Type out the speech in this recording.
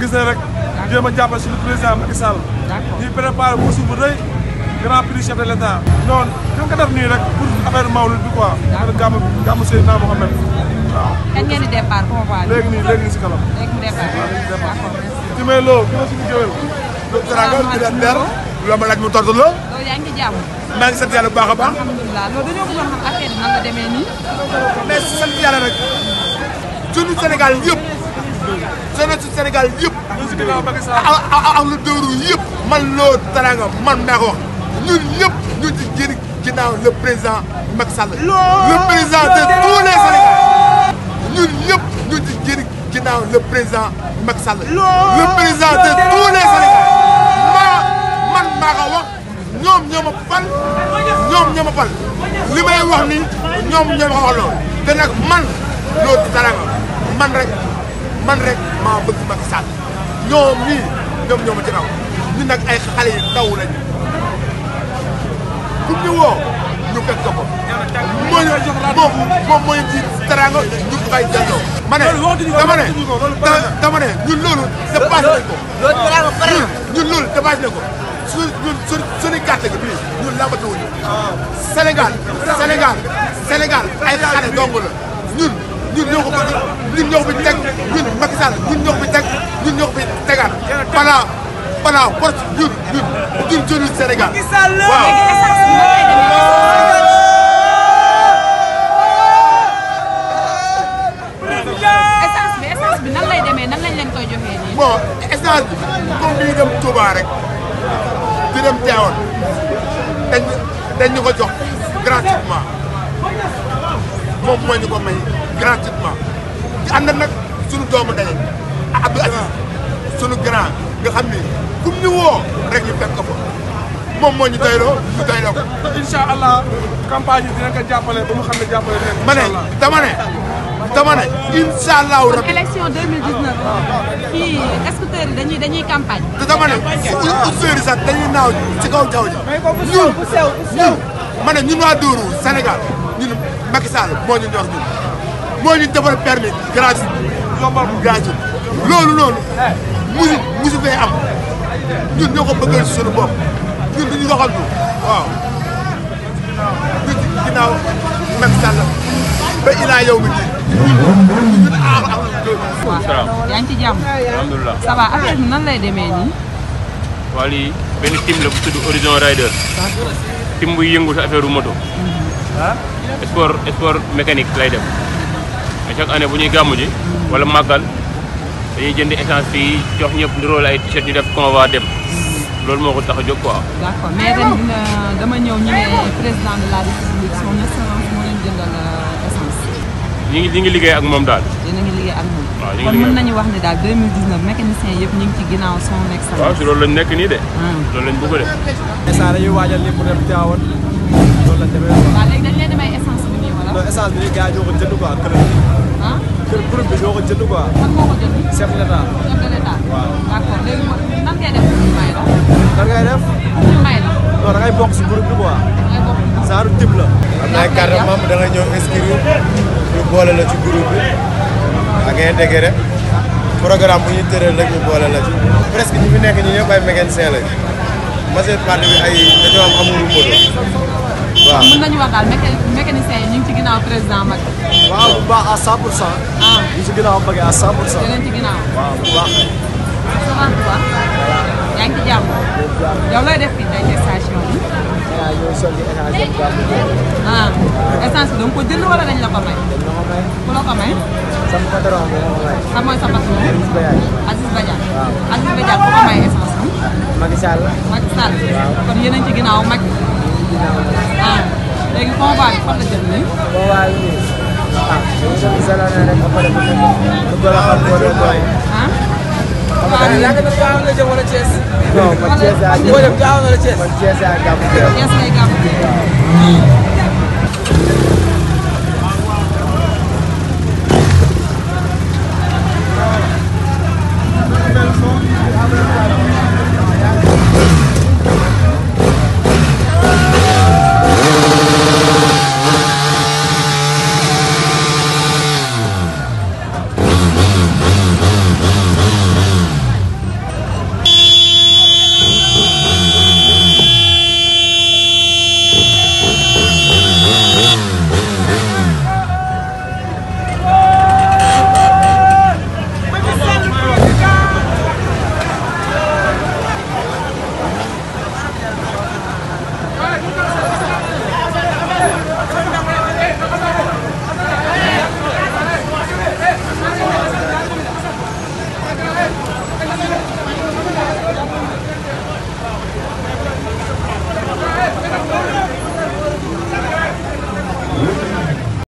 gis ne rek jéem a jàppale suñu président Macky Sall. d'accord ñuy préparé mosu bu rëy grand prix chef de l' état. non da nga ko def nii rek pour affaire mawlid bi lu ma laaj mu tontu la. loolu yaa ngi ci jàmm. a baax. alhamdulilah loolu Sénégal yëpp jeunesse su Sénégal yëpp. ak ah, ah, ah, lu dóoru yëpp. man loo taranga man naa ko wax ñun ñëpp ñu ci jëriñ ginnaaw le président Macky Sall. le président tous les Sénégalais. ñun ñëpp ñu ci jëriñ ginnaaw le président Macky le président tous les Sénégalais. maa man maa ko wax ñoom ñoo ma fal ñoom ñoo ma fal li ni ñoom ñoo ma ko wax man loo taranga man rek. man rek maa bëgg Macky Sall ñoom ñii ñoom ñoo ci raw ñun nag ay xale yu ndaw lañu ku ñu woo ñu fekk ko ko. mooy moom moom mooy ci teraanga ñu bay jàlloo. ma ne dama ne dama ne ñun ko loolu loolu pare ñun loolu dépassé nañ ko su ñun su suñu carte ñun lambatuwuñu. Ah. Sénégal Sénégal Sénégal ay xale dong la ñun. ñun ñoo ko bëgg ñun ñoo ko fi ñun Macky ñun ñoo ko fi ñun ñoo ko jox gratuitement moom moo gratuitement di na nag sunu doomu ndaje Abdou Aziz sunu grand nga xam ni kum ñu woo rek ñu fekk ko moom moo ñu doyloo ñu doyloo ko. incha allah campagne yi xam ne jàppale ma ne dama ne dama ne incha allahu rabi. kon élection 2019. fii escorteurs yi dañuy dañuy campagne. te dama ne useurs yi sax dañuy naaw ci kaw jaww ji. ñun ñun ma ne ñun waa Dóoru Sénégal ñun Macky Sall moo ñu ñor ñun. moo ñu defal permis gratuit loolu loolu musu musu fee am ñun ñoo ko bëggal bo suñu bopp ñun duñu waxantu waaw ñun ci ginnaaw ilaa yow mi di ñun am waaw yaa ngi ci jàmm alhamdulilah ça va nan lay demee nii waa lii benn team la bu tudd Horizon Rider team buy yëngu si affaire u moto mhm. sport sport mécanique lay def mais chaque année bu ñuy gàmmu ji wala màggal dañuy jënd essence fii jox ñëpp nduróole ay t-shirt ñu def convoi dem loolu moo ko tax a jóg quoi. d'accord mais ren dama ñëw ñu ne président de la république son euh, ngi ñu liggéey ak moom daal. dina ngi liggéey ak moom. ñu kon mën nañu wax ne daal 2019 yëpp ñu ci ginnaaw son excellence. waaw si loolu lañ nekk nii de. Ah. loolu lañ bëgg a def. yu dañuy waajal lépp dem Thiawane loolu lañ demee. nii wala. non essence bi nii kër groupe bi ñoo ko jënd quoi. kan moo ko jënd. chef de l'état. chef de ñu may la. nan ngay def. ñu may la. non da ngay bokk si groupe bi da ngay na ñëw inscrire ñu boole la ci groupe da ngay dégg rek programme bu ñu tëral rek ñu boole la ci. presque ñi nekk ñi ñëpp ay mécanicien lañ. majeure partie bi ay dañoo am amul moto. waaw ginnaaw président Macky. waaw bu baax à 100 pour cent. ah ñu si ginnaaw Macky à 100 pour cent. dinañ ci ginnaaw. waaw bu baax. yaa ngi ci jàmm. yow looy def fii tey station bi. ah ñoo sotti essence bi. da nga ko jënd wala dañ la ko may. dañ la ko may. ku la ko may. sama patron bi la ko may. xam mooy sa patron. Aziz Badiane. Aziz Badiane. waaw Aziz Badiane ku ko may essence eh, bi. Macky Sall. Macky Sall. waaw kon yéen a ngi ci ginnaaw Macky. léegi combat bi fan la jëm nii. combat bi nii ah yow tamit sa leneen rek ba pare bu fekk lu ko la xam boo dee doole. ah waaw yàgg na gaaw la jëm wala Thiès. non man Thiès laa jëm man Thiès laa gàmm. Thiès ngay gàmm.